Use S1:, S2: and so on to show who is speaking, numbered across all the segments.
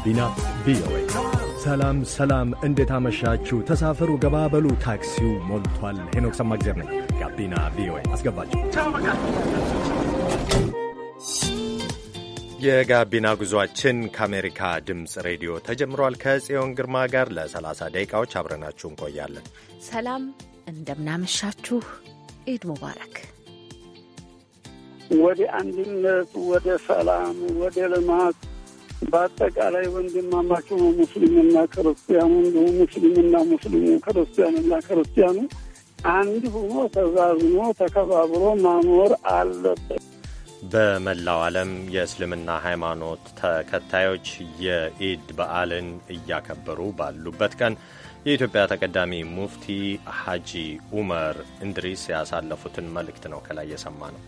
S1: ጋቢና ቪኦኤ። ሰላም ሰላም፣ እንዴት አመሻችሁ? ተሳፈሩ፣ ገባበሉ፣ ታክሲው ሞልቷል። ሄኖክ ሰማግዜር ነኝ። ጋቢና ቪኦኤ ሰላም ሰላም እንዴት
S2: አመሻችሁ ተሳፈሩ በሉ ታክሲው ሞልቷል ሄኖክ
S1: ሰማግዜር ነኝ ጋቢና ቪኦኤ አስገባችሁ የጋቢና ጉዟችን ከአሜሪካ ድምፅ ሬዲዮ ተጀምሯል። ከጽዮን ግርማ ጋር ለ30 ደቂቃዎች አብረናችሁ እንቆያለን።
S3: ሰላም እንደምናመሻችሁ። ኢድ ሙባረክ።
S4: ወደ አንድነት፣ ወደ ሰላም፣ ወደ ልማት በአጠቃላይ ወንድማማቸው ሙስሊምና ክርስቲያኑ እንዲሁ ሙስሊምና ሙስሊሙ ክርስቲያንና ክርስቲያኑ አንድ ሆኖ ተዛዝኖ ተከባብሮ ማኖር አለበት።
S1: በመላው ዓለም የእስልምና ሃይማኖት ተከታዮች የኢድ በዓልን እያከበሩ ባሉበት ቀን የኢትዮጵያ ተቀዳሚ ሙፍቲ ሐጂ ኡመር እንድሪስ ያሳለፉትን መልእክት ነው ከላይ የሰማ ነው።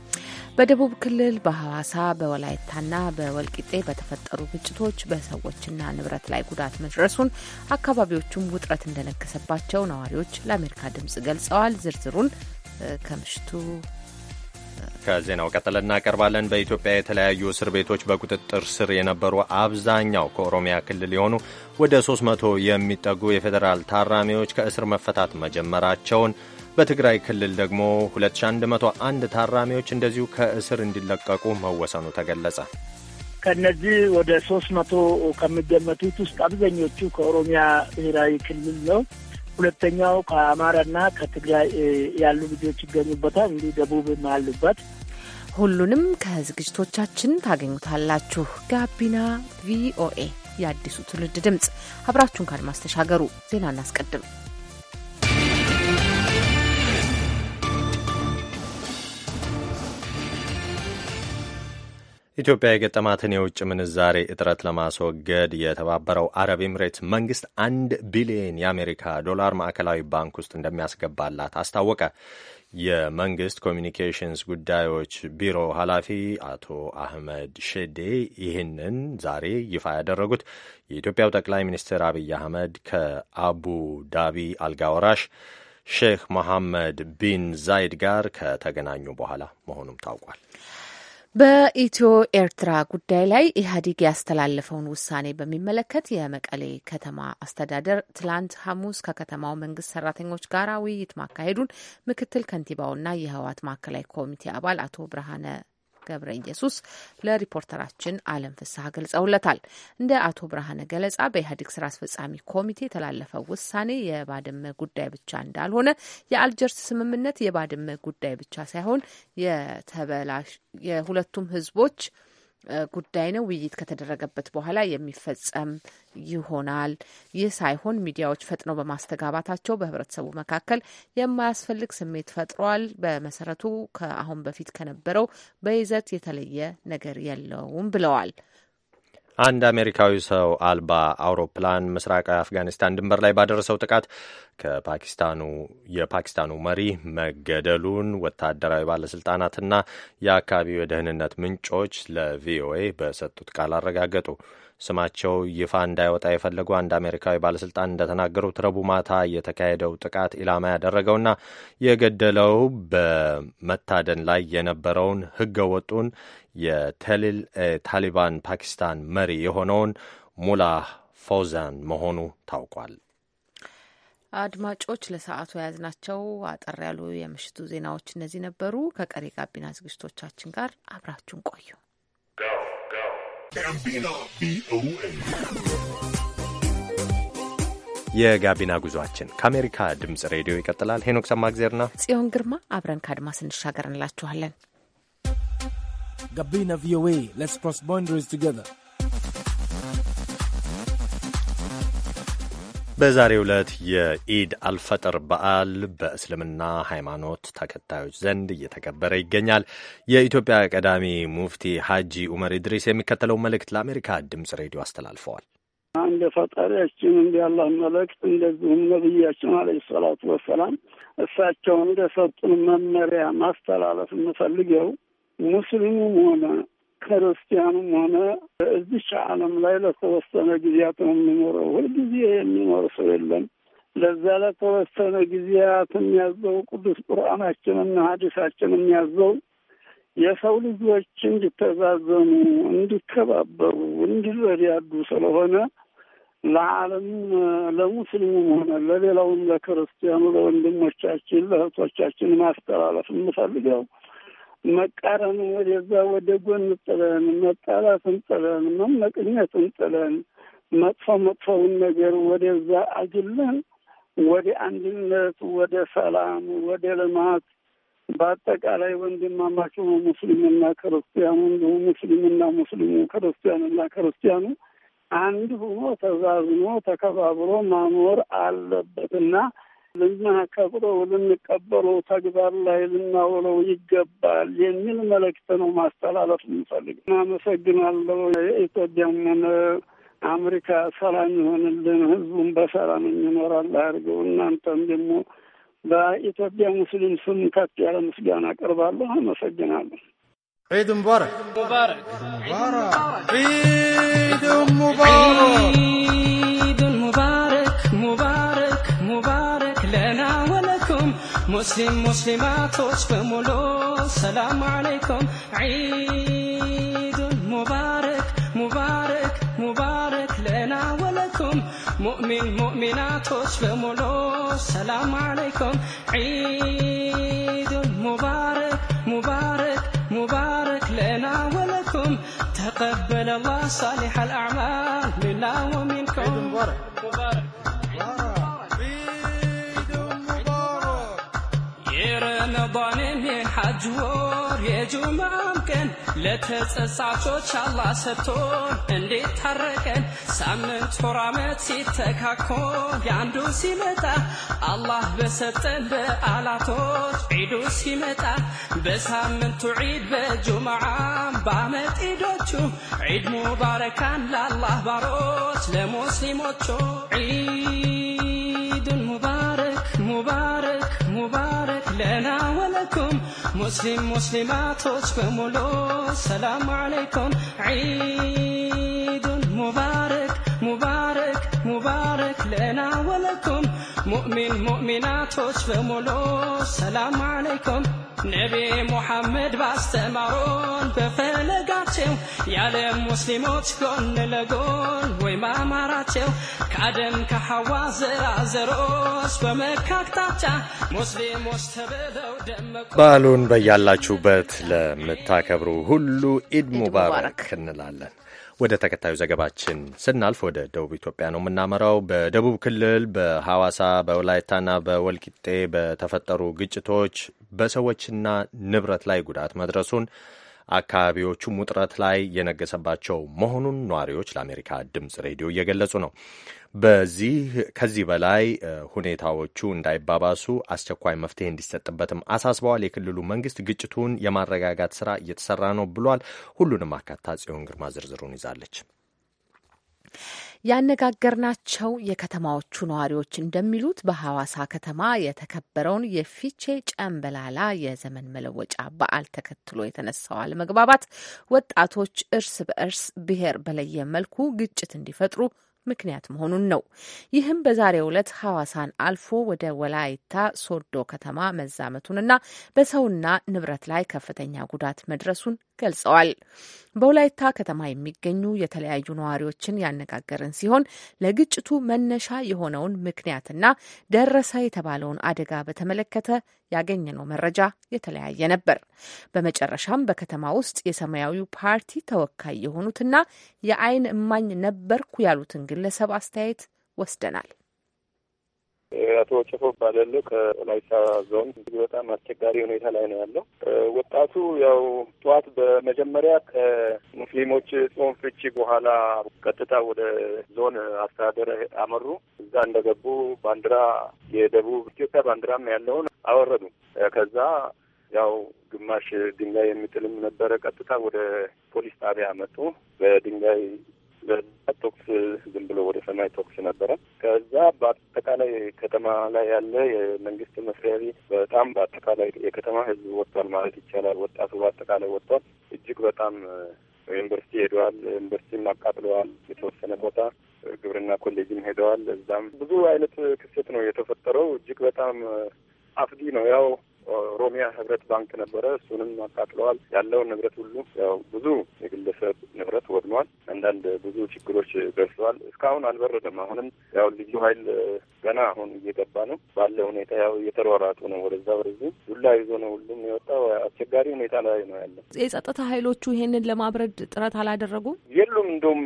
S3: በደቡብ ክልል በሐዋሳ በወላይታና በወልቂጤ በተፈጠሩ ግጭቶች በሰዎችና ንብረት ላይ ጉዳት መድረሱን አካባቢዎቹም ውጥረት እንደነገሰባቸው ነዋሪዎች ለአሜሪካ ድምጽ ገልጸዋል። ዝርዝሩን ከምሽቱ
S1: ከዜናው ቀጥለን እናቀርባለን። በኢትዮጵያ የተለያዩ እስር ቤቶች በቁጥጥር ስር የነበሩ አብዛኛው ከኦሮሚያ ክልል የሆኑ ወደ 300 የሚጠጉ የፌዴራል ታራሚዎች ከእስር መፈታት መጀመራቸውን በትግራይ ክልል ደግሞ 2101 ታራሚዎች እንደዚሁ ከእስር እንዲለቀቁ መወሰኑ ተገለጸ።
S5: ከነዚህ ወደ ሶስት መቶ ከሚገመቱት ውስጥ አብዛኞቹ ከኦሮሚያ ብሔራዊ ክልል ነው። ሁለተኛው ከአማራና ከትግራይ ያሉ ልጆች ይገኙበታል። እንዲህ ደቡብም አሉበት።
S3: ሁሉንም ከዝግጅቶቻችን ታገኙታላችሁ። ጋቢና ቪኦኤ የአዲሱ ትውልድ ድምፅ፣ አብራችሁን ካድማስ ተሻገሩ። ዜና እናስቀድም።
S1: ኢትዮጵያ የገጠማትን የውጭ ምንዛሬ እጥረት ለማስወገድ የተባበረው አረብ ኤምሬት መንግስት አንድ ቢሊዮን የአሜሪካ ዶላር ማዕከላዊ ባንክ ውስጥ እንደሚያስገባላት አስታወቀ። የመንግስት ኮሚኒኬሽንስ ጉዳዮች ቢሮ ኃላፊ አቶ አህመድ ሼዴ ይህንን ዛሬ ይፋ ያደረጉት የኢትዮጵያው ጠቅላይ ሚኒስትር አብይ አህመድ ከአቡ ዳቢ አልጋ ወራሽ ሼክ መሐመድ ቢን ዛይድ ጋር ከተገናኙ በኋላ መሆኑም ታውቋል።
S3: በኢትዮ ኤርትራ ጉዳይ ላይ ኢህአዴግ ያስተላለፈውን ውሳኔ በሚመለከት የመቀሌ ከተማ አስተዳደር ትላንት ሐሙስ ከከተማው መንግስት ሰራተኞች ጋር ውይይት ማካሄዱን ምክትል ከንቲባውና የህወሓት ማዕከላዊ ኮሚቴ አባል አቶ ብርሃነ ገብረ ኢየሱስ ለሪፖርተራችን አለም ፍስሐ ገልጸውለታል። እንደ አቶ ብርሃነ ገለጻ በኢህአዴግ ስራ አስፈጻሚ ኮሚቴ የተላለፈው ውሳኔ የባድመ ጉዳይ ብቻ እንዳልሆነ የአልጀርስ ስምምነት የባድመ ጉዳይ ብቻ ሳይሆን የተበላሽ የሁለቱም ህዝቦች ጉዳይ ነው። ውይይት ከተደረገበት በኋላ የሚፈጸም ይሆናል። ይህ ሳይሆን ሚዲያዎች ፈጥነው በማስተጋባታቸው በህብረተሰቡ መካከል የማያስፈልግ ስሜት ፈጥሯል። በመሰረቱ ከአሁን በፊት ከነበረው በይዘት የተለየ ነገር የለውም ብለዋል።
S1: አንድ አሜሪካዊ ሰው አልባ አውሮፕላን ምስራቅ አፍጋኒስታን ድንበር ላይ ባደረሰው ጥቃት ከፓኪስታኑ የፓኪስታኑ መሪ መገደሉን ወታደራዊ ባለስልጣናትና የአካባቢው የደህንነት ምንጮች ለቪኦኤ በሰጡት ቃል አረጋገጡ። ስማቸው ይፋ እንዳይወጣ የፈለጉ አንድ አሜሪካዊ ባለስልጣን እንደተናገሩት ረቡዕ ማታ የተካሄደው ጥቃት ኢላማ ያደረገውና የገደለው በመታደን ላይ የነበረውን ህገ ወጡን የታሊባን ፓኪስታን መሪ የሆነውን ሙላ ፈውዛን መሆኑ ታውቋል።
S3: አድማጮች ለሰዓቱ የያዝናቸው አጠር ያሉ የምሽቱ ዜናዎች እነዚህ ነበሩ። ከቀሪ ጋቢና ዝግጅቶቻችን ጋር አብራችሁን ቆዩ።
S1: የጋቢና ጉዟችን ከአሜሪካ ድምጽ ሬዲዮ ይቀጥላል። ሄኖክ ሰማግዜርና
S3: ጽዮን ግርማ አብረን ከአድማስ እንሻገር እንላችኋለን። Gabina
S6: VOA. Let's cross boundaries together.
S1: በዛሬው ዕለት የኢድ አልፈጥር በዓል በእስልምና ሃይማኖት ተከታዮች ዘንድ እየተከበረ ይገኛል። የኢትዮጵያ ቀዳሚ ሙፍቲ ሐጂ ኡመር ኢድሪስ የሚከተለው መልእክት ለአሜሪካ ድምፅ ሬዲዮ አስተላልፈዋል። እንደ ፈጣሪያችን
S4: እንዲ አላህ መልእክት እንደዚሁም ነብያችን አለ ሰላቱ ወሰላም እሳቸው እንደሰጡን መመሪያ ማስተላለፍ የምፈልገው ሙስሊሙም ሆነ ክርስቲያኑም ሆነ እዚች ዓለም ላይ ለተወሰነ ጊዜያት ነው የሚኖረው። ሁልጊዜ የሚኖር ሰው የለም። ለዛ ለተወሰነ ጊዜያት የሚያዘው ቅዱስ ቁርአናችንና ሀዲሳችን የሚያዘው የሰው ልጆች እንዲተዛዘኑ፣ እንዲከባበሩ፣ እንዲረዳዱ ስለሆነ ለዓለም ለሙስሊሙም ሆነ ለሌላውም ለክርስቲያኑ ለወንድሞቻችን ለእህቶቻችን ማስተላለፍ የምፈልገው መቃረን ወደዛ ወደ ጎን ጥለን፣ መጣላትን ጥለን፣ መመቅኘትን ጥለን፣ መጥፎ መጥፎውን ነገር ወደዛ አግለን ወደ አንድነት፣ ወደ ሰላም፣ ወደ ልማት በአጠቃላይ ወንድማማች ሙስሊምና ክርስቲያኑ እንዲሁ ሙስሊምና ሙስሊሙ ክርስቲያኑና ክርስቲያኑ አንድ ሆኖ ተዛዝኖ ተከባብሮ ማኖር አለበትና ልናከብረው ልንቀበለው ተግባር ላይ ልናውለው ይገባል የሚል መልእክት ነው ማስተላለፍ የምንፈልገው። አመሰግናለሁ። የኢትዮጵያን ሆነ አሜሪካ ሰላም ይሆንልን፣ ህዝቡም በሰላም እንኖራል አድርገው። እናንተም ደግሞ በኢትዮጵያ ሙስሊም ስም ከፍ ያለ ምስጋና አቀርባለሁ። አመሰግናለሁ። ዒድ ሙባረክ!
S2: مسلم مسلماتوش بمولو السلام عليكم عيد مبارك مبارك مبارك لنا ولكم مؤمن مؤمناتوش بمولو السلام عليكم عيد مبارك مبارك مبارك لنا ولكم تقبل الله صالح الأعمال منا ومنكم عيد مبارك مبارك የጁማም ቀን ለተጸጻቾች አላህ ሰጥቶን እንዴት ታረቀን ሳምንት ወር አመት ሲተካኮ የአንዱ ሲመጣ አላህ በሰጠን በዓላቶች ዒዱ ሲመጣ በሳምንቱ ዒድ በጁማዓም በአመት ዒዶቹ ዒድ ሙባረካን ለአላህ ባሮች ለሙስሊሞቹ ዒዱን ሙባረክ ሙባረክ ሙባረክ ለና ወለኩም مسلم مسلماتوش بمولو السلام عليكم عيد مبارك مبارك مبارك لنا ولكم ሙእሚን ሙእሚናቶች በሙሉ ሰላም አለይኩም ነቢ ሙሐመድ ባስተማሮን በፈለጋቸው የዓለም ሙስሊሞች ጎን ለጎን ወይ ማማራቸው ከአደም ከሐዋ ዘራዘሮች በመካ ሙስሊሞች ተብለው
S1: ደመቁ። በዓሉን በያላችሁበት ለምታከብሩ ሁሉ ኢድ ሙባረክ እንላለን። ወደ ተከታዩ ዘገባችን ስናልፍ ወደ ደቡብ ኢትዮጵያ ነው የምናመራው። በደቡብ ክልል በሐዋሳ በወላይታና በወልቂጤ በተፈጠሩ ግጭቶች በሰዎችና ንብረት ላይ ጉዳት መድረሱን አካባቢዎቹም ውጥረት ላይ የነገሰባቸው መሆኑን ነዋሪዎች ለአሜሪካ ድምፅ ሬዲዮ እየገለጹ ነው። በዚህ ከዚህ በላይ ሁኔታዎቹ እንዳይባባሱ አስቸኳይ መፍትሄ እንዲሰጥበትም አሳስበዋል። የክልሉ መንግስት ግጭቱን የማረጋጋት ስራ እየተሰራ ነው ብሏል። ሁሉንም አካታ ጽዮን ግርማ ዝርዝሩን ይዛለች።
S3: ያነጋገርናቸው የከተማዎቹ ነዋሪዎች እንደሚሉት በሐዋሳ ከተማ የተከበረውን የፊቼ ጨምበላላ የዘመን መለወጫ በዓል ተከትሎ የተነሳው አለመግባባት ወጣቶች እርስ በእርስ ብሔር በለየ መልኩ ግጭት እንዲፈጥሩ ምክንያት መሆኑን ነው። ይህም በዛሬው ዕለት ሐዋሳን አልፎ ወደ ወላይታ ሶዶ ከተማ መዛመቱንና በሰውና ንብረት ላይ ከፍተኛ ጉዳት መድረሱን ገልጸዋል። በወላይታ ከተማ የሚገኙ የተለያዩ ነዋሪዎችን ያነጋገርን ሲሆን ለግጭቱ መነሻ የሆነውን ምክንያትና ደረሰ የተባለውን አደጋ በተመለከተ ያገኘነው መረጃ የተለያየ ነበር። በመጨረሻም በከተማ ውስጥ የሰማያዊ ፓርቲ ተወካይ የሆኑትና የአይን እማኝ ነበርኩ ያሉትን ግለሰብ አስተያየት ወስደናል።
S7: አቶ ወጨፎ ባለለው ከላይሳ ዞን እጅግ በጣም አስቸጋሪ ሁኔታ ላይ ነው ያለው። ወጣቱ ያው ጠዋት በመጀመሪያ ከሙስሊሞች ጾም ፍቺ በኋላ ቀጥታ ወደ ዞን አስተዳደር አመሩ። እዛ እንደገቡ ባንዲራ የደቡብ ኢትዮጵያ ባንዲራም ያለውን አወረዱ። ከዛ ያው ግማሽ ድንጋይ የሚጥልም ነበረ። ቀጥታ ወደ ፖሊስ ጣቢያ መጡ። በድንጋይ ቶክስ ዝም ብሎ ወደ ሰማይ ቶክስ ነበረ። ከዛ በአጠቃላይ ከተማ ላይ ያለ የመንግስት መስሪያ ቤት በጣም በአጠቃላይ የከተማ ህዝብ ወጥቷል ማለት ይቻላል። ወጣቱ በአጠቃላይ ወጥቷል። እጅግ በጣም ዩኒቨርሲቲ ሄደዋል። ዩኒቨርሲቲም አቃጥለዋል። የተወሰነ ቦታ ግብርና ኮሌጅም ሄደዋል። እዛም ብዙ አይነት ክስተት ነው የተፈጠረው። እጅግ በጣም አፍዲ ነው ያው ኦሮሚያ ህብረት ባንክ ነበረ። እሱንም አቃጥለዋል። ያለውን ንብረት ሁሉ ያው ብዙ የግለሰብ ንብረት ወድሟል። አንዳንድ ብዙ ችግሮች ደርሰዋል። እስካሁን አልበረደም። አሁንም ያው ልዩ ኃይል ገና አሁን እየገባ ነው። ባለ ሁኔታ ያው እየተሯሯጡ ነው። ወደዛ ወደዚ ዱላ ይዞ ነው ሁሉም የወጣው። አስቸጋሪ ሁኔታ ላይ ነው ያለ።
S3: የጸጥታ ኃይሎቹ ይሄንን ለማብረድ ጥረት አላደረጉም።
S7: የሉም። እንደውም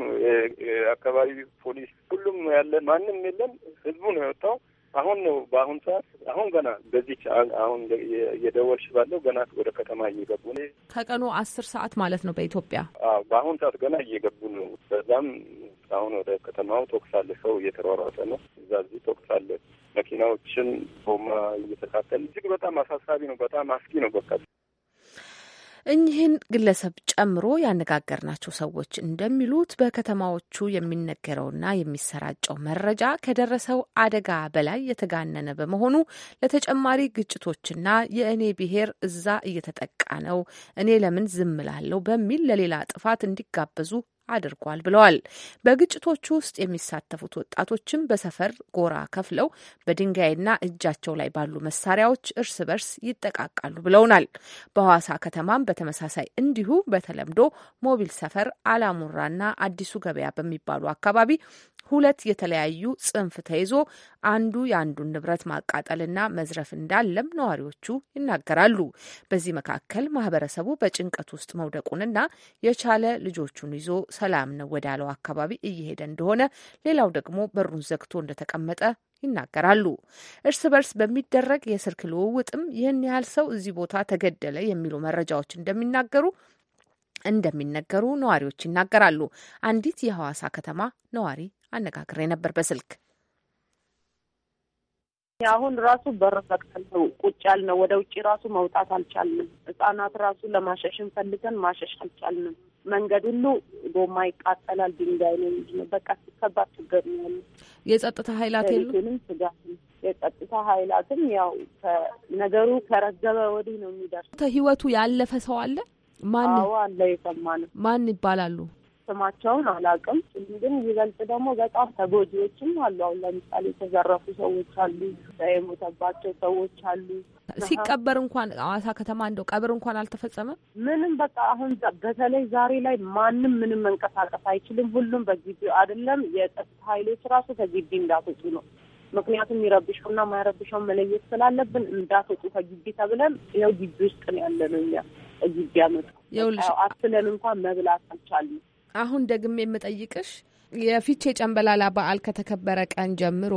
S7: አካባቢ ፖሊስ ሁሉም ያለን ማንም የለም። ህዝቡ ነው የወጣው። አሁን ነው በአሁን ሰዓት አሁን ገና በዚህ አሁን የደወልሽ ባለው ገና ወደ ከተማ እየገቡ ነው።
S3: ከቀኑ አስር ሰዓት ማለት ነው በኢትዮጵያ።
S7: አዎ በአሁን ሰዓት ገና እየገቡ ነው። በዛም አሁን ወደ ከተማው ተኩስ አለ። ሰው እየተሯሯጠ ነው። እዛ እዚህ ተኩስ አለ። መኪናዎችን ጎማ እየተካተል እጅግ በጣም አሳሳቢ ነው። በጣም አስጊ ነው። በቃ
S3: እኚህን ግለሰብ ጨምሮ ያነጋገርናቸው ሰዎች እንደሚሉት በከተማዎቹ የሚነገረውና የሚሰራጨው መረጃ ከደረሰው አደጋ በላይ የተጋነነ በመሆኑ ለተጨማሪ ግጭቶችና የእኔ ብሔር እዛ እየተጠቃ ነው እኔ ለምን ዝም በሚል ለሌላ ጥፋት እንዲጋበዙ አድርጓል ብለዋል። በግጭቶቹ ውስጥ የሚሳተፉት ወጣቶችም በሰፈር ጎራ ከፍለው በድንጋይና እጃቸው ላይ ባሉ መሳሪያዎች እርስ በርስ ይጠቃቃሉ ብለውናል። በሐዋሳ ከተማም በተመሳሳይ እንዲሁ በተለምዶ ሞቢል ሰፈር፣ አላሙራና አዲሱ ገበያ በሚባሉ አካባቢ ሁለት የተለያዩ ጽንፍ ተይዞ አንዱ የአንዱን ንብረት ማቃጠልና መዝረፍ እንዳለም ነዋሪዎቹ ይናገራሉ። በዚህ መካከል ማህበረሰቡ በጭንቀት ውስጥ መውደቁንና የቻለ ልጆቹን ይዞ ሰላም ነው ወዳለው አካባቢ እየሄደ እንደሆነ፣ ሌላው ደግሞ በሩን ዘግቶ እንደተቀመጠ ይናገራሉ። እርስ በርስ በሚደረግ የስልክ ልውውጥም ይህን ያህል ሰው እዚህ ቦታ ተገደለ የሚሉ መረጃዎች እንደሚናገሩ እንደሚነገሩ ነዋሪዎች ይናገራሉ። አንዲት የሐዋሳ ከተማ ነዋሪ አነጋግሬ ነበር በስልክ።
S8: አሁን ራሱ በር ዘግተን ነው ቁጭ ያልነው። ወደ ውጭ ራሱ መውጣት አልቻልንም። ህጻናት ራሱ ለማሸሽን ፈልገን ማሸሽ አልቻልንም። መንገድ ሁሉ ጎማ ይቃጠላል፣ ድንጋይ ነው እንጂ ነው። በቃ ከባድ ችግር ነው ያለ። የጸጥታ
S3: ኃይላት የሉንም፣
S8: ስጋት የጸጥታ ኃይላትም ያው ነገሩ ከረገበ ወዲህ ነው የሚደርስ።
S3: ህይወቱ ያለፈ ሰው አለ። ማን
S8: አለ? የሰማ ነው። ማን ይባላሉ? ስማቸውን አላውቅም። ግን ይበልጥ ደግሞ በጣም ተጎጂዎችም አሉ። አሁን ለምሳሌ የተዘረፉ ሰዎች አሉ፣ የሞተባቸው ሰዎች አሉ። ሲቀበር እንኳን አዋሳ ከተማ እንደው ቀብር እንኳን አልተፈጸመም። ምንም በቃ አሁን በተለይ ዛሬ ላይ ማንም ምንም መንቀሳቀስ አይችልም። ሁሉም በጊዜው አይደለም የጸጥታ ኃይሎች ራሱ ከግቢ እንዳትወጡ ነው ምክንያቱም የሚረብሸውና ማይረብሸው መለየት ስላለብን እንዳትወጡ ከግቢ ተብለን ይኸው ግቢ ውስጥ ነው ያለነው እኛ ግቢ ያመጡ አስለን እንኳን መብላት አልቻልንም።
S3: አሁን ደግሜ የምጠይቅሽ የፊቼ ጨንበላላ በዓል ከተከበረ ቀን ጀምሮ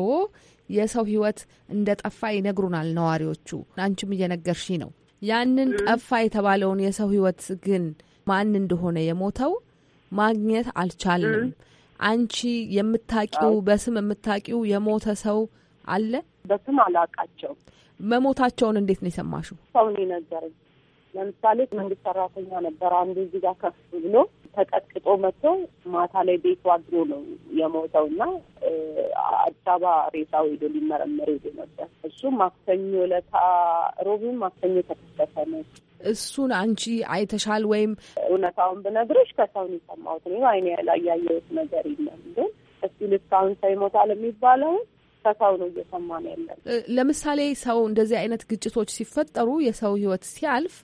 S3: የሰው ህይወት እንደ ጠፋ ይነግሩናል ነዋሪዎቹ። አንቺም እየነገርሽ ነው። ያንን ጠፋ የተባለውን የሰው ህይወት ግን ማን እንደሆነ የሞተው ማግኘት አልቻልንም። አንቺ የምታቂው በስም የምታቂው የሞተ ሰው አለ? በስም አላቃቸው። መሞታቸውን እንዴት ነው የሰማሽው?
S8: ሰው ነው የነገረኝ። ለምሳሌ መንግስት ሰራተኛ ነበር አንዱ እዚህ ጋር ከፍ ብሎ ተቀጥቅጦ መጥቶ ማታ ላይ ቤቱ አድሮ ነው የሞተው እና አዲስ አበባ ሬሳው ሄዶ ሊመረመር ሄዶ ነበር። እሱም ማክሰኞ ለታ ሮቢም ማክሰኞ ተከሰተ ነው። እሱን አንቺ አይተሻል ወይም? እውነታውን ብነግሮች ከሰውን የሰማሁት እኔ አይኔ ላይ ያየሁት ነገር የለም ግን እሱ ልስካሁን ሰው ይሞታል የሚባለውን ከሰው ነው እየሰማ ነው ያለን።
S3: ለምሳሌ ሰው እንደዚህ አይነት ግጭቶች ሲፈጠሩ የሰው ህይወት ሲያልፍ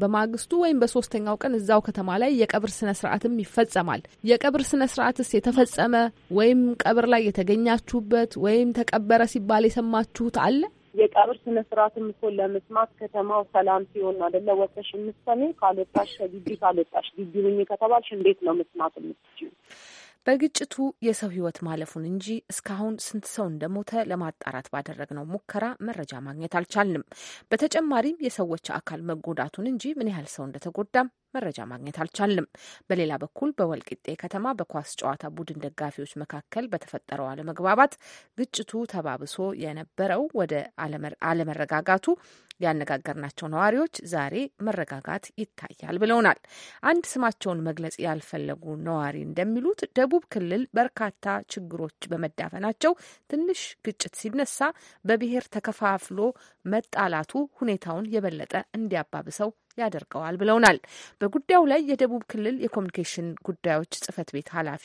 S3: በማግስቱ ወይም በሶስተኛው ቀን እዛው ከተማ ላይ የቀብር ስነ ስርዓትም ይፈጸማል። የቀብር ስነ ስርዓትስ የተፈጸመ ወይም ቀብር ላይ የተገኛችሁበት ወይም ተቀበረ ሲባል የሰማችሁት አለ?
S8: የቀብር ስነ ስርዓትም እኮ ለመስማት ከተማው ሰላም ሲሆን አደለ ወጥተሽ የምትሰሚው። ካልወጣሽ ከግቢ ካልወጣሽ ግቢ ሁኝ ከተባልሽ እንዴት ነው መስማት የምትችይው?
S3: በግጭቱ የሰው ህይወት ማለፉን እንጂ እስካሁን ስንት ሰው እንደሞተ ለማጣራት ባደረግነው ሙከራ መረጃ ማግኘት አልቻልንም። በተጨማሪም የሰዎች አካል መጎዳቱን እንጂ ምን ያህል ሰው እንደተጎዳም መረጃ ማግኘት አልቻልም። በሌላ በኩል በወልቂጤ ከተማ በኳስ ጨዋታ ቡድን ደጋፊዎች መካከል በተፈጠረው አለመግባባት ግጭቱ ተባብሶ የነበረው ወደ አለመረጋጋቱ ያነጋገርናቸው ነዋሪዎች ዛሬ መረጋጋት ይታያል ብለውናል። አንድ ስማቸውን መግለጽ ያልፈለጉ ነዋሪ እንደሚሉት ደቡብ ክልል በርካታ ችግሮች በመዳፈናቸው ትንሽ ግጭት ሲነሳ በብሔር ተከፋፍሎ መጣላቱ ሁኔታውን የበለጠ እንዲያባብሰው ያደርገዋል ብለውናል። በጉዳዩ ላይ የደቡብ ክልል የኮሚኒኬሽን ጉዳዮች ጽህፈት ቤት ኃላፊ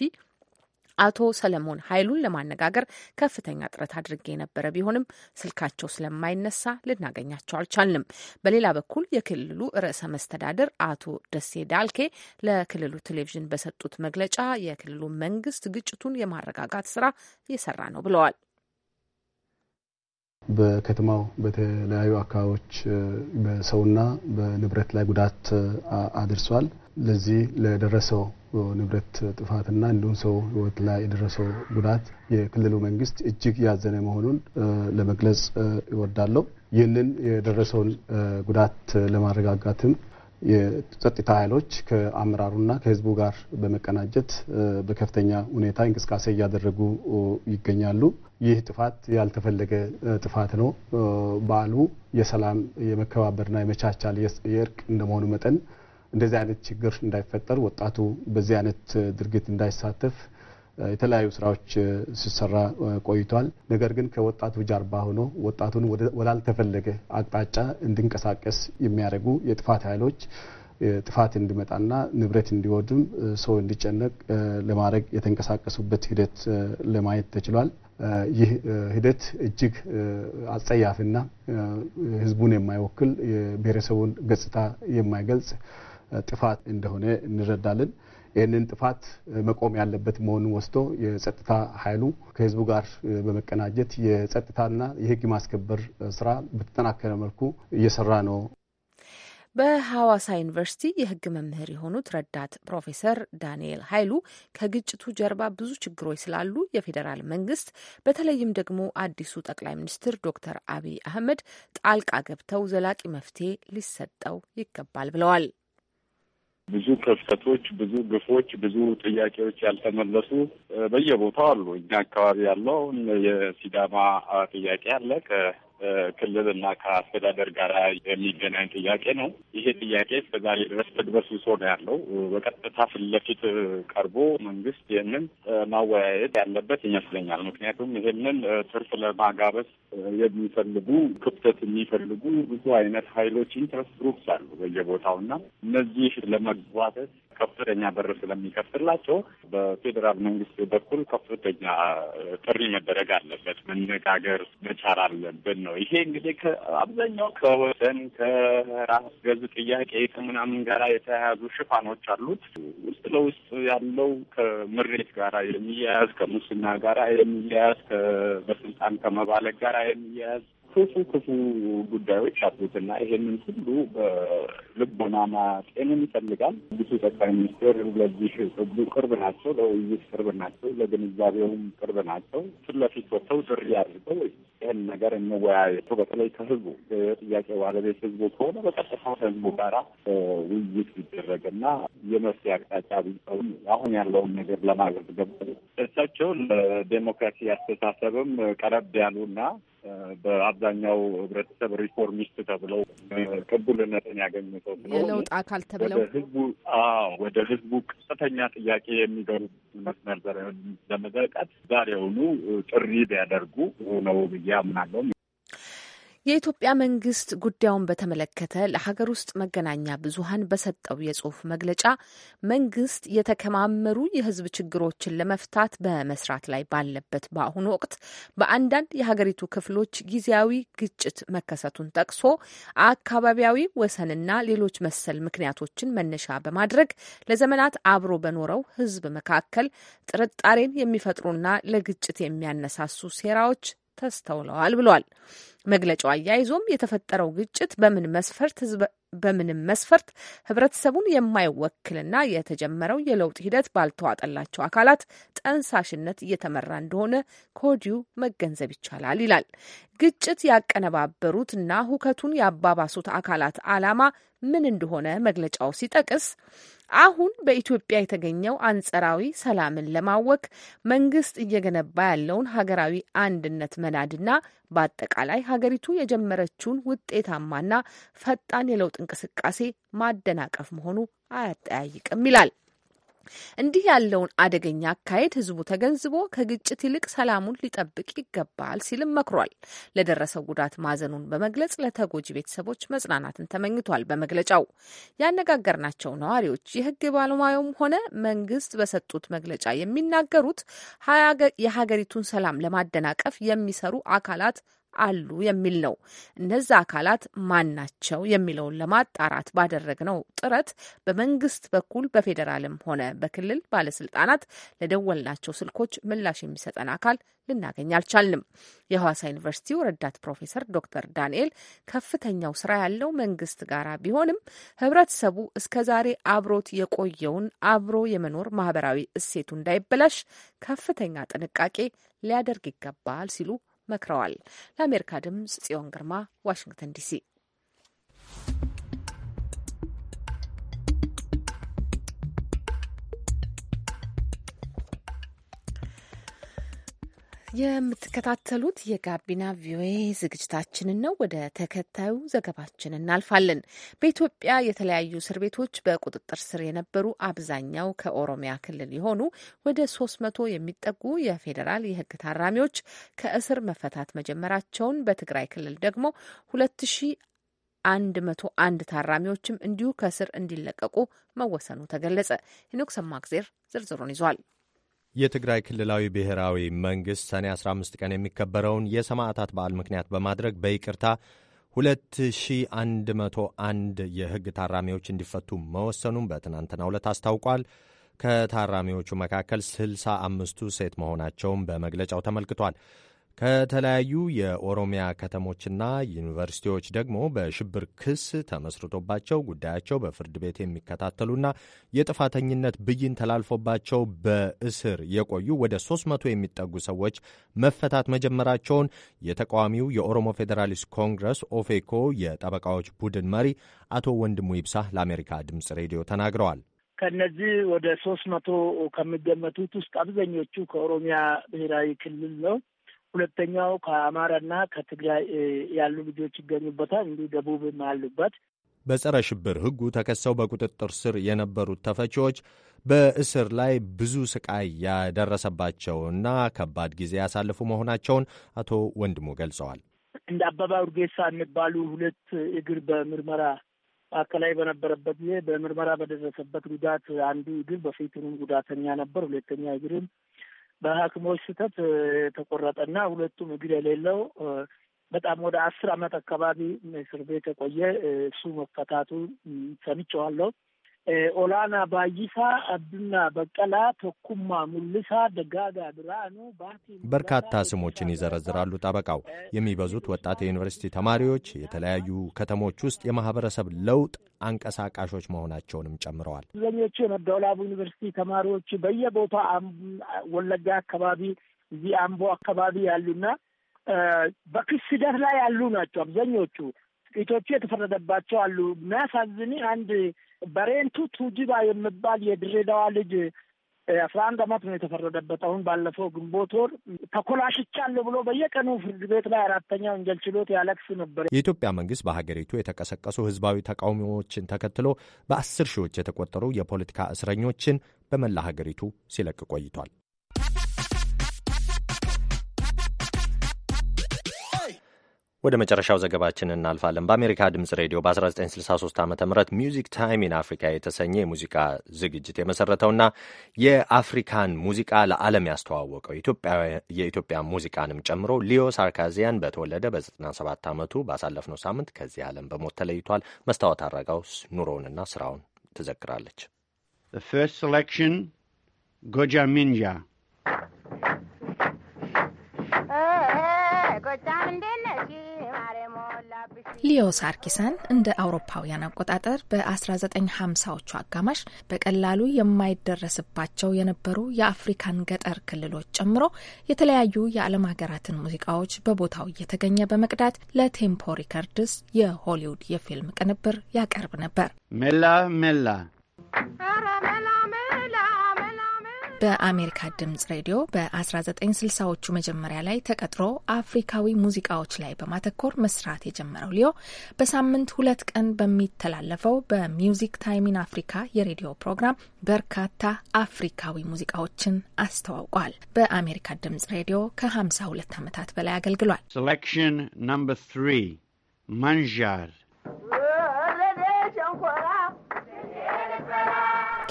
S3: አቶ ሰለሞን ኃይሉን ለማነጋገር ከፍተኛ ጥረት አድርጌ የነበረ ቢሆንም ስልካቸው ስለማይነሳ ልናገኛቸው አልቻልንም። በሌላ በኩል የክልሉ ርዕሰ መስተዳደር አቶ ደሴ ዳልኬ ለክልሉ ቴሌቪዥን በሰጡት መግለጫ የክልሉ መንግስት ግጭቱን የማረጋጋት ስራ እየሰራ ነው
S9: ብለዋል።
S10: በከተማው በተለያዩ አካባቢዎች በሰውና በንብረት ላይ ጉዳት አድርሷል። ለዚህ ለደረሰው ንብረት ጥፋትና እንዲሁም ሰው ሕይወት ላይ የደረሰው ጉዳት የክልሉ መንግስት እጅግ ያዘነ መሆኑን ለመግለጽ እወዳለሁ። ይህንን የደረሰውን ጉዳት ለማረጋጋትም የጸጥታ ኃይሎች ከአመራሩና ከህዝቡ ጋር በመቀናጀት በከፍተኛ ሁኔታ እንቅስቃሴ እያደረጉ ይገኛሉ። ይህ ጥፋት ያልተፈለገ ጥፋት ነው። በዓሉ የሰላም የመከባበርና የመቻቻል የእርቅ እንደመሆኑ መጠን እንደዚህ አይነት ችግር እንዳይፈጠር ወጣቱ በዚህ አይነት ድርጊት እንዳይሳተፍ የተለያዩ ስራዎች ሲሰራ ቆይቷል። ነገር ግን ከወጣቱ ጀርባ ሆኖ ወጣቱን ወላልተፈለገ አቅጣጫ እንዲንቀሳቀስ የሚያደርጉ የጥፋት ኃይሎች ጥፋት እንዲመጣና ንብረት እንዲወድም ሰው እንዲጨነቅ ለማድረግ የተንቀሳቀሱበት ሂደት ለማየት ተችሏል። ይህ ሂደት እጅግ አጸያፊና ሕዝቡን የማይወክል የብሔረሰቡን ገጽታ የማይገልጽ ጥፋት እንደሆነ እንረዳለን። ይህንን ጥፋት መቆም ያለበት መሆኑን ወስዶ የጸጥታ ኃይሉ ከህዝቡ ጋር በመቀናጀት የጸጥታና የህግ ማስከበር ስራ በተጠናከረ መልኩ እየሰራ ነው።
S3: በሐዋሳ ዩኒቨርሲቲ የህግ መምህር የሆኑት ረዳት ፕሮፌሰር ዳንኤል ኃይሉ ከግጭቱ ጀርባ ብዙ ችግሮች ስላሉ የፌዴራል መንግስት በተለይም ደግሞ አዲሱ ጠቅላይ ሚኒስትር ዶክተር አብይ አህመድ ጣልቃ ገብተው ዘላቂ መፍትሄ ሊሰጠው ይገባል ብለዋል።
S4: ብዙ ክፍተቶች፣ ብዙ
S7: ግፎች፣ ብዙ ጥያቄዎች ያልተመለሱ በየቦታው አሉ። እኛ አካባቢ ያለው የሲዳማ ጥያቄ አለ። ክልል እና ከአስተዳደር ጋር የሚገናኝ ጥያቄ ነው። ይሄ ጥያቄ እስከዛሬ ድረስ ተግበስብሶ ነው ያለው። በቀጥታ ፊት ለፊት ቀርቦ መንግስት ይህንን ማወያየት ያለበት ይመስለኛል። ምክንያቱም ይህንን ትርፍ ለማጋበስ የሚፈልጉ ክፍተት የሚፈልጉ ብዙ አይነት ሀይሎች ኢንትረስት ግሩፕስ አሉ በየቦታው እና እነዚህ ለመግባበት ከፍተኛ በር ስለሚከፍትላቸው በፌዴራል መንግስት በኩል ከፍተኛ ጥሪ መደረግ አለበት፣ መነጋገር መቻል አለብን ነው። ይሄ እንግዲህ አብዛኛው ከወሰን ከራስ ገዝ ጥያቄ ከምናምን ጋራ የተያያዙ ሽፋኖች አሉት። ውስጥ ለውስጥ ያለው ከምሬት ጋራ የሚያያዝ ከሙስና ጋራ የሚያያዝ በስልጣን ከመባለግ ጋራ የሚያያዝ ክፉ ክፉ ጉዳዮች አሉትና ይሄንን ሁሉ በልቦና ማጤንን ይፈልጋል። ብዙ ጠቅላይ ሚኒስትር ለዚህ ጽጉ ቅርብ ናቸው፣ ለውይይት ቅርብ ናቸው፣ ለግንዛቤውም ቅርብ ናቸው። ፊት ለፊት ወጥተው ጥሪ አድርገው ይህን ነገር የሚወያየቱ በተለይ ከህዝቡ ጥያቄ ባለቤት ህዝቡ ከሆነ በቀጥታ ህዝቡ ጋራ ውይይት ይደረግና የመፍትሄ አቅጣጫ ቢጠውም አሁን ያለውን ነገር ገባሉ። እሳቸው ለዴሞክራሲ አስተሳሰብም ቀረብ ያሉና በአብዛኛው ህብረተሰብ ሪፎርሚስት ተብለው ቅቡልነትን ያገኙ ሰው የለውጥ አካል ተብለው ህዝቡ ወደ ህዝቡ ቀጥተኛ ጥያቄ የሚገሩ መስመር ለመዘርቀት ዛሬውኑ ጥሪ ቢያደርጉ ነው ብዬ አምናለሁ።
S3: የኢትዮጵያ መንግስት ጉዳዩን በተመለከተ ለሀገር ውስጥ መገናኛ ብዙኃን በሰጠው የጽሁፍ መግለጫ መንግስት የተከማመሩ የህዝብ ችግሮችን ለመፍታት በመስራት ላይ ባለበት በአሁኑ ወቅት በአንዳንድ የሀገሪቱ ክፍሎች ጊዜያዊ ግጭት መከሰቱን ጠቅሶ አካባቢያዊ ወሰንና ሌሎች መሰል ምክንያቶችን መነሻ በማድረግ ለዘመናት አብሮ በኖረው ህዝብ መካከል ጥርጣሬን የሚፈጥሩና ለግጭት የሚያነሳሱ ሴራዎች ተስተውለዋል ብሏል። መግለጫው አያይዞም የተፈጠረው ግጭት በምን መስፈርት በምንም መስፈርት ህብረተሰቡን የማይወክልና የተጀመረው የለውጥ ሂደት ባልተዋጠላቸው አካላት ጠንሳሽነት እየተመራ እንደሆነ ከወዲሁ መገንዘብ ይቻላል ይላል። ግጭት ያቀነባበሩትና ሁከቱን ያባባሱት አካላት ዓላማ ምን እንደሆነ መግለጫው ሲጠቅስ አሁን በኢትዮጵያ የተገኘው አንጸራዊ ሰላምን ለማወክ መንግስት እየገነባ ያለውን ሀገራዊ አንድነት መናድና በአጠቃላይ ሀገሪቱ የጀመረችውን ውጤታማና ፈጣን የለውጥ እንቅስቃሴ ማደናቀፍ መሆኑ አያጠያይቅም ይላል። እንዲህ ያለውን አደገኛ አካሄድ ህዝቡ ተገንዝቦ ከግጭት ይልቅ ሰላሙን ሊጠብቅ ይገባል ሲልም መክሯል። ለደረሰው ጉዳት ማዘኑን በመግለጽ ለተጎጂ ቤተሰቦች መጽናናትን ተመኝቷል። በመግለጫው ያነጋገርናቸው ነዋሪዎች የህግ ባለሙያውም ሆነ መንግስት በሰጡት መግለጫ የሚናገሩት የሀገሪቱን ሰላም ለማደናቀፍ የሚሰሩ አካላት አሉ የሚል ነው። እነዛ አካላት ማን ናቸው የሚለውን ለማጣራት ባደረግነው ጥረት በመንግስት በኩል በፌዴራልም ሆነ በክልል ባለስልጣናት ለደወልናቸው ስልኮች ምላሽ የሚሰጠን አካል ልናገኝ አልቻልንም። የሐዋሳ ዩኒቨርሲቲው ረዳት ፕሮፌሰር ዶክተር ዳንኤል ከፍተኛው ስራ ያለው መንግስት ጋር ቢሆንም ህብረተሰቡ እስከ ዛሬ አብሮት የቆየውን አብሮ የመኖር ማህበራዊ እሴቱ እንዳይበላሽ ከፍተኛ ጥንቃቄ ሊያደርግ ይገባል ሲሉ መክረዋል። ለአሜሪካ ድምጽ ጽዮን ግርማ ዋሽንግተን ዲሲ የምትከታተሉት የጋቢና ቪኦኤ ዝግጅታችንን ነው። ወደ ተከታዩ ዘገባችን እናልፋለን። በኢትዮጵያ የተለያዩ እስር ቤቶች በቁጥጥር ስር የነበሩ አብዛኛው ከኦሮሚያ ክልል የሆኑ ወደ ሶስት መቶ የሚጠጉ የፌዴራል የሕግ ታራሚዎች ከእስር መፈታት መጀመራቸውን በትግራይ ክልል ደግሞ ሁለት ሺ አንድ መቶ አንድ ታራሚዎችም እንዲሁ ከእስር እንዲለቀቁ መወሰኑ ተገለጸ። ሄኖክ ሰማግዜር ዝርዝሩን ይዟል።
S1: የትግራይ ክልላዊ ብሔራዊ መንግሥት ሰኔ 15 ቀን የሚከበረውን የሰማዕታት በዓል ምክንያት በማድረግ በይቅርታ 2101 የሕግ ታራሚዎች እንዲፈቱ መወሰኑን በትናንትናው ዕለት አስታውቋል። ከታራሚዎቹ መካከል 65ቱ ሴት መሆናቸውን በመግለጫው ተመልክቷል። ከተለያዩ የኦሮሚያ ከተሞችና ዩኒቨርሲቲዎች ደግሞ በሽብር ክስ ተመስርቶባቸው ጉዳያቸው በፍርድ ቤት የሚከታተሉና የጥፋተኝነት ብይን ተላልፎባቸው በእስር የቆዩ ወደ 300 የሚጠጉ ሰዎች መፈታት መጀመራቸውን የተቃዋሚው የኦሮሞ ፌዴራሊስት ኮንግረስ ኦፌኮ የጠበቃዎች ቡድን መሪ አቶ ወንድሙ ይብሳ ለአሜሪካ ድምፅ ሬዲዮ ተናግረዋል።
S5: ከነዚህ ወደ ሶስት መቶ ከሚገመቱት ውስጥ አብዛኞቹ ከኦሮሚያ ብሔራዊ ክልል ነው። ሁለተኛው ከአማራና ከትግራይ ያሉ ልጆች ይገኙበታል። እንዲሁ ደቡብም አሉበት።
S1: በጸረ ሽብር ሕጉ ተከሰው በቁጥጥር ስር የነበሩት ተፈቺዎች በእስር ላይ ብዙ ስቃይ ያደረሰባቸውና ከባድ ጊዜ ያሳለፉ መሆናቸውን አቶ ወንድሙ ገልጸዋል።
S5: እንደ አበባ ውርጌሳ የሚባሉ ሁለት እግር በምርመራ ማዕከላዊ በነበረበት ጊዜ በምርመራ በደረሰበት ጉዳት አንዱ እግር በፊቱንም ጉዳተኛ ነበር፣ ሁለተኛ እግርም በሐኪሞች ስህተት የተቆረጠና ሁለቱም እግር የሌለው በጣም ወደ አስር አመት አካባቢ እስር ቤት የቆየ እሱ መፈታቱ ሰምቼዋለሁ። Olaanaa Baayisaa አብዱና በቀላ ቶኩማ ሙልሳ ደጋጋ ብርሃኑ
S1: በርካታ ስሞችን ይዘረዝራሉ ጠበቃው። የሚበዙት ወጣት የዩኒቨርሲቲ ተማሪዎች የተለያዩ ከተሞች ውስጥ የማህበረሰብ ለውጥ አንቀሳቃሾች መሆናቸውንም ጨምረዋል።
S5: አብዛኞቹ የመደወላቡ ዩኒቨርሲቲ ተማሪዎች በየቦታ ወለጋ አካባቢ፣ እዚህ አምቦ አካባቢ ያሉና በክስ ሂደት ላይ ያሉ ናቸው። አብዛኞቹ ጥቂቶቹ የተፈረደባቸው አሉ። የሚያሳዝን አንድ በሬንቱ ቱጂባ የሚባል የድሬዳዋ ልጅ አስራ አንድ አመት ነው የተፈረደበት። አሁን ባለፈው ግንቦት ወር ተኮላሽቻለሁ ብሎ በየቀኑ ፍርድ ቤት ላይ አራተኛ ወንጀል ችሎት ያለቅስ ነበር።
S1: የኢትዮጵያ መንግስት በሀገሪቱ የተቀሰቀሱ ህዝባዊ ተቃውሞዎችን ተከትሎ በአስር ሺዎች የተቆጠሩ የፖለቲካ እስረኞችን በመላ ሀገሪቱ ሲለቅ ቆይቷል። ወደ መጨረሻው ዘገባችን እናልፋለን። በአሜሪካ ድምፅ ሬዲዮ በ1963 ዓ ም ሚውዚክ ታይም ኢን አፍሪካ የተሰኘ የሙዚቃ ዝግጅት የመሰረተውና የአፍሪካን ሙዚቃ ለዓለም ያስተዋወቀው የኢትዮጵያ ሙዚቃንም ጨምሮ ሊዮ ሳርካዚያን በተወለደ በ97 ዓመቱ ባሳለፍነው ሳምንት ከዚህ ዓለም በሞት ተለይቷል። መስታወት አረጋውስ ኑሮውንና ስራውን ትዘክራለች። ፈርስት ሴሌክሽን ጎጃ ሚንጃ
S6: ሊዮ ሳርኪሰን እንደ አውሮፓውያን አቆጣጠር በ1950ዎቹ አጋማሽ በቀላሉ የማይደረስባቸው የነበሩ የአፍሪካን ገጠር ክልሎች ጨምሮ የተለያዩ የዓለም ሀገራትን ሙዚቃዎች በቦታው እየተገኘ በመቅዳት ለቴምፖ ሪከርድስ የሆሊውድ የፊልም ቅንብር ያቀርብ ነበር።
S1: ሜላ ሜላ
S6: በአሜሪካ ድምጽ ሬዲዮ በ1960ዎቹ መጀመሪያ ላይ ተቀጥሮ አፍሪካዊ ሙዚቃዎች ላይ በማተኮር መስራት የጀመረው ሊዮ በሳምንት ሁለት ቀን በሚተላለፈው በሚውዚክ ታይም ኢን አፍሪካ የሬዲዮ ፕሮግራም በርካታ አፍሪካዊ ሙዚቃዎችን አስተዋውቋል። በአሜሪካ ድምጽ ሬዲዮ ከ52 ዓመታት በላይ አገልግሏል።
S1: ሴሌክሽን ነምበር 3 ማንዣር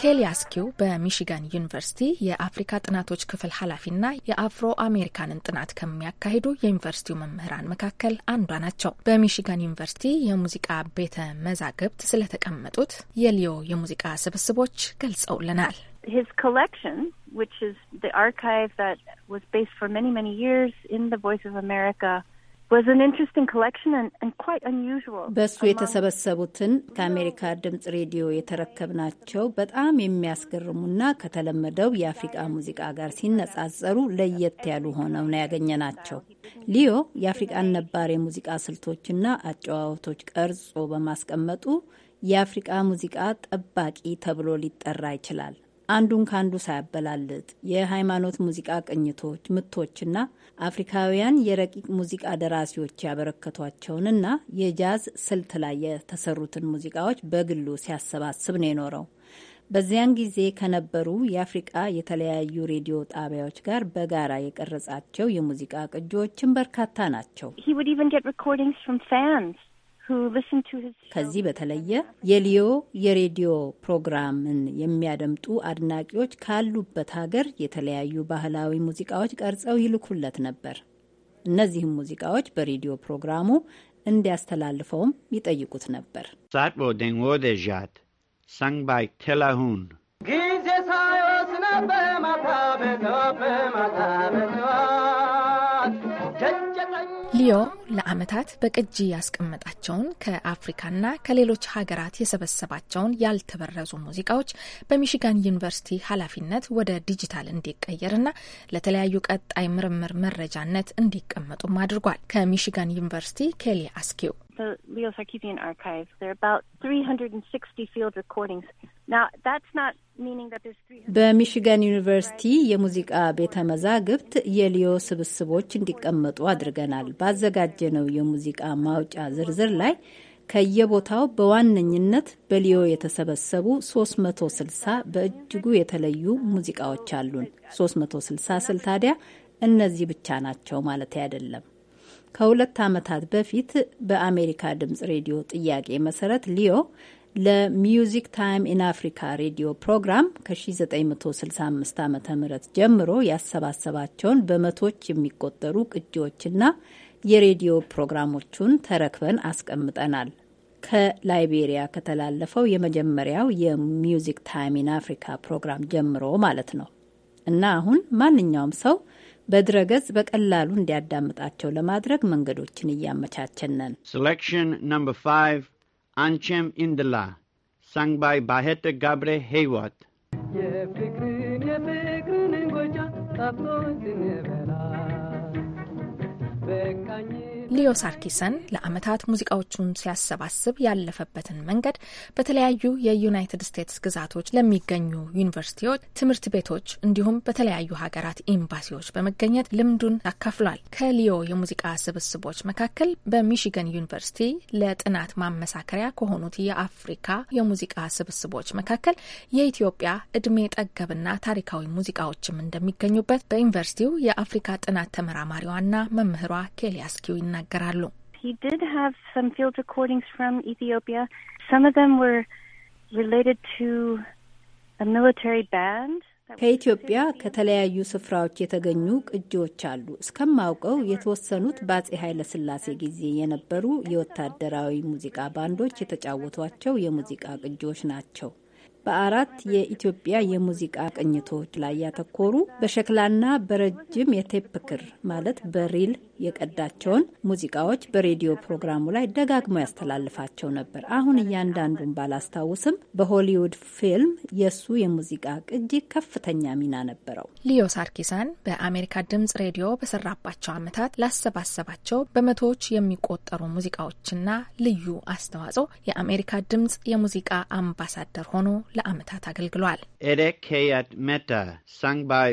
S6: ኬሊ አስኪው በሚሽጋን ዩኒቨርሲቲ የአፍሪካ ጥናቶች ክፍል ኃላፊና የአፍሮ አሜሪካንን ጥናት ከሚያካሂዱ የዩኒቨርሲቲው መምህራን መካከል አንዷ ናቸው። በሚሽጋን ዩኒቨርሲቲ የሙዚቃ ቤተ መዛግብት ስለተቀመጡት የሊዮ የሙዚቃ ስብስቦች ገልጸውልናል።
S7: His collection, which is the archive that was based for many, many years in the
S9: Voice of America በእሱ የተሰበሰቡትን ከአሜሪካ ድምጽ ሬዲዮ የተረከብናቸው በጣም የሚያስገርሙና ከተለመደው የአፍሪቃ ሙዚቃ ጋር ሲነጻጸሩ ለየት ያሉ ሆነው ነው ያገኘናቸው። ሊዮ የአፍሪቃን ነባር የሙዚቃ ስልቶችና አጨዋወቶች ቀርጾ በማስቀመጡ የአፍሪቃ ሙዚቃ ጠባቂ ተብሎ ሊጠራ ይችላል። አንዱን ከአንዱ ሳያበላልጥ የሃይማኖት ሙዚቃ ቅኝቶች፣ ምቶችና አፍሪካውያን የረቂቅ ሙዚቃ ደራሲዎች ያበረከቷቸውንና የጃዝ ስልት ላይ የተሰሩትን ሙዚቃዎች በግሉ ሲያሰባስብ ነው የኖረው። በዚያን ጊዜ ከነበሩ የአፍሪቃ የተለያዩ ሬዲዮ ጣቢያዎች ጋር በጋራ የቀረጻቸው የሙዚቃ ቅጂዎችን በርካታ ናቸው። ከዚህ በተለየ የሊዮ የሬዲዮ ፕሮግራምን የሚያደምጡ አድናቂዎች ካሉበት ሀገር የተለያዩ ባህላዊ ሙዚቃዎች ቀርጸው ይልኩለት ነበር። እነዚህም ሙዚቃዎች በሬዲዮ ፕሮግራሙ እንዲያስተላልፈውም ይጠይቁት ነበር።
S1: ሳጥቦ ሳንግባይ ቴላሁን
S8: ጊዜ በማታ
S6: ሊዮ ለአመታት በቅጂ ያስቀመጣቸውን ከአፍሪካና ከሌሎች ሀገራት የሰበሰባቸውን ያልተበረዙ ሙዚቃዎች በሚሽጋን ዩኒቨርሲቲ ኃላፊነት ወደ ዲጂታል እንዲቀየርና ለተለያዩ ቀጣይ ምርምር መረጃነት እንዲቀመጡም አድርጓል። ከሚሽጋን ዩኒቨርሲቲ ኬሊ አስኪው
S7: the Leo Sarkeesian Archive. There are about 360 field recordings. Now, that's not meaning that there's
S6: 300
S9: በሚሽጋን ዩኒቨርሲቲ የሙዚቃ ቤተ መዛግብት የሊዮ ስብስቦች እንዲቀመጡ አድርገናል። ባዘጋጀነው የሙዚቃ ማውጫ ዝርዝር ላይ ከየቦታው በዋነኝነት በሊዮ የተሰበሰቡ 360 በእጅጉ የተለዩ ሙዚቃዎች አሉን። 360 ስል ታዲያ እነዚህ ብቻ ናቸው ማለት አይደለም። ከሁለት ዓመታት በፊት በአሜሪካ ድምፅ ሬዲዮ ጥያቄ መሰረት ሊዮ ለሚውዚክ ታይም ኢን አፍሪካ ሬዲዮ ፕሮግራም ከ1965 ዓ ም ጀምሮ ያሰባሰባቸውን በመቶች የሚቆጠሩ ቅጂዎችና የሬዲዮ ፕሮግራሞቹን ተረክበን አስቀምጠናል። ከላይቤሪያ ከተላለፈው የመጀመሪያው የሚውዚክ ታይም ኢን አፍሪካ ፕሮግራም ጀምሮ ማለት ነው እና አሁን ማንኛውም ሰው በድረገጽ በቀላሉ እንዲያዳምጣቸው ለማድረግ መንገዶችን እያመቻቸን ነን።
S1: ሴሌክሽን ነምበር ፋይቭ አንቼም ኢንድላ ሳንግባይ ባሄተ ጋብሬ ሄይዋት
S2: የፍቅርን የፍቅርን ጎጃ ጣፍቶን ስንበላ በቃኝ
S6: ሊዮ ሳርኪሰን ለዓመታት ሙዚቃዎቹን ሲያሰባስብ ያለፈበትን መንገድ በተለያዩ የዩናይትድ ስቴትስ ግዛቶች ለሚገኙ ዩኒቨርሲቲዎች፣ ትምህርት ቤቶች እንዲሁም በተለያዩ ሀገራት ኤምባሲዎች በመገኘት ልምዱን አካፍሏል። ከሊዮ የሙዚቃ ስብስቦች መካከል በሚሽገን ዩኒቨርሲቲ ለጥናት ማመሳከሪያ ከሆኑት የአፍሪካ የሙዚቃ ስብስቦች መካከል የኢትዮጵያ እድሜ ጠገብና ታሪካዊ ሙዚቃዎችም እንደሚገኙበት በዩኒቨርሲቲው የአፍሪካ ጥናት ተመራማሪዋና መምህሯ ኬሊያስኪው ይናል። ይናገራሉ።
S9: ከኢትዮጵያ ከተለያዩ ስፍራዎች የተገኙ ቅጂዎች አሉ። እስከማውቀው የተወሰኑት በአጼ ስላሴ ጊዜ የነበሩ የወታደራዊ ሙዚቃ ባንዶች የተጫወቷቸው የሙዚቃ ቅጂዎች ናቸው። በአራት የኢትዮጵያ የሙዚቃ ቅኝቶች ላይ ያተኮሩ በሸክላና በረጅም የቴፕ ክር ማለት በሪል የቀዳቸውን ሙዚቃዎች በሬዲዮ ፕሮግራሙ ላይ ደጋግሞ ያስተላልፋቸው ነበር። አሁን እያንዳንዱን ባላስታውስም በሆሊውድ ፊልም የእሱ የሙዚቃ ቅጂ
S6: ከፍተኛ ሚና ነበረው። ሊዮ ሳርኪሳን በአሜሪካ ድምጽ ሬዲዮ በሰራባቸው ዓመታት ላሰባሰባቸው በመቶዎች የሚቆጠሩ ሙዚቃዎችና ልዩ አስተዋጽኦ የአሜሪካ ድምጽ የሙዚቃ አምባሳደር ሆኖ ለዓመታት አገልግሏል።
S1: ኤሬክ ሄያት ሜታ ሳንግ ባይ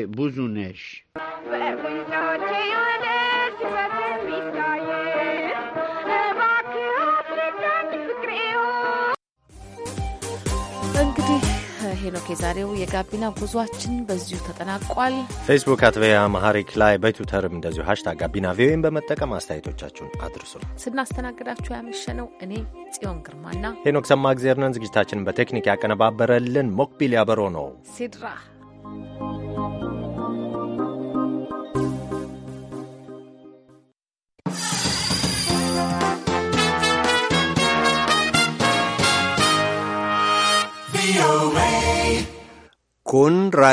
S3: ሄኖክ የዛሬው የጋቢና ጉዟችን በዚሁ ተጠናቋል።
S1: ፌስቡክ አትቪያ ማሐሪክ ላይ በትዊተርም እንደዚሁ ሀሽታግ ጋቢና ቪኦኤን በመጠቀም አስተያየቶቻችሁን አድርሱ።
S3: ስናስተናግዳችሁ ያመሸነው እኔ ጽዮን ግርማና
S1: ሄኖክ ሰማ ነን። ዝግጅታችንን በቴክኒክ ያቀነባበረልን ሞክቢል ያበሮ ነው ሲድራ คุณไร